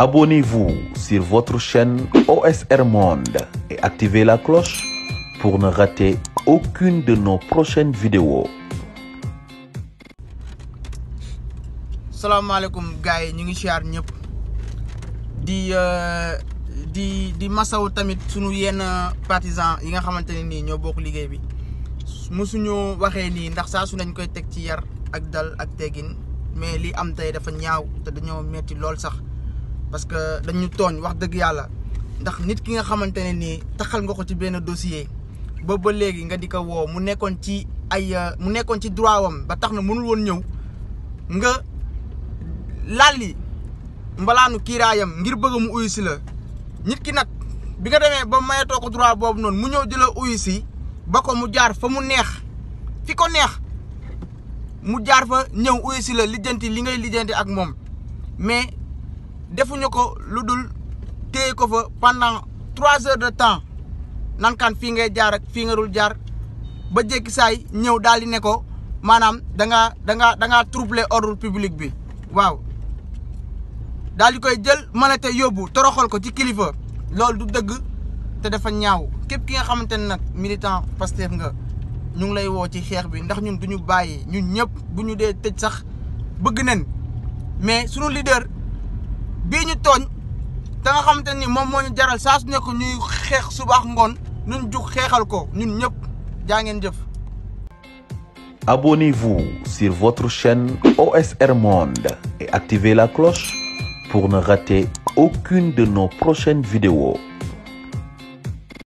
Abonnez-vous sur votre chaîne OSR Monde et activez la cloche pour ne rater aucune de nos prochaines vidéos. salaamaaleykum gars yi ñu ngi siyaar ñëpp di euh, di di masaw tamit sunu yenn partisans yi nga xamante ne nii ñoo bokk liggéey bi mosuñu waxee nii ndax saa su nañ koy teg ci yar ak dal ak teggin mais li am tey dafa ñaaw te dañoo metti lool sax. parce que dañu tooñ wax dëgg yàlla ndax nit ki nga xamante ne nii taxal nga ko ci benn dossier ba ba léegi nga di ko woo mu nekkoon ci ay euh, mu nekkoon ci droit wam ba tax na mënul woon ñëw nga lalli mbalaanu kiiraayam ngir bëgg mu uyu la nit ki nag bi nga demee ba mayetoo ko droit boobu noonu mu ñëw di la uyu ba ko mu jaar fa mu neex fi ko neex mu jaar fa ñëw uyu si la lijjanti li ngay lijjanti ak moom mais defuñu ko lu dul téye ko fa pendant trois heures de temps nan kan fii ngay jaar ak fii nga dul jaar ba jékki saay ñëw daal di ne ko maanaam da nga da nga da nga troubler public bi waaw daal di koy jël mënate yóbbu toroxal ko ci kilifa loolu du dëgg te dafa ñaaw képp ki nga xamante ne nag militant Pastef nga ñu ngi lay woo ci xeex bi ndax ñun ñu bàyyi ñun ñëpp bu ñu dee tëj sax bëgg nañ mais sunu leader. bii ñu tooñ da nga xamante ni moom moo ñu jaral saa su nekk ñuy xeex subaax ngoon ñun jug xeexal ko ñun ñëpp jaa ngeen jëf. Abonnez-vous sur votre chaîne OSR Monde et activez la cloche pour ne rater aucune de nos prochaines vidéo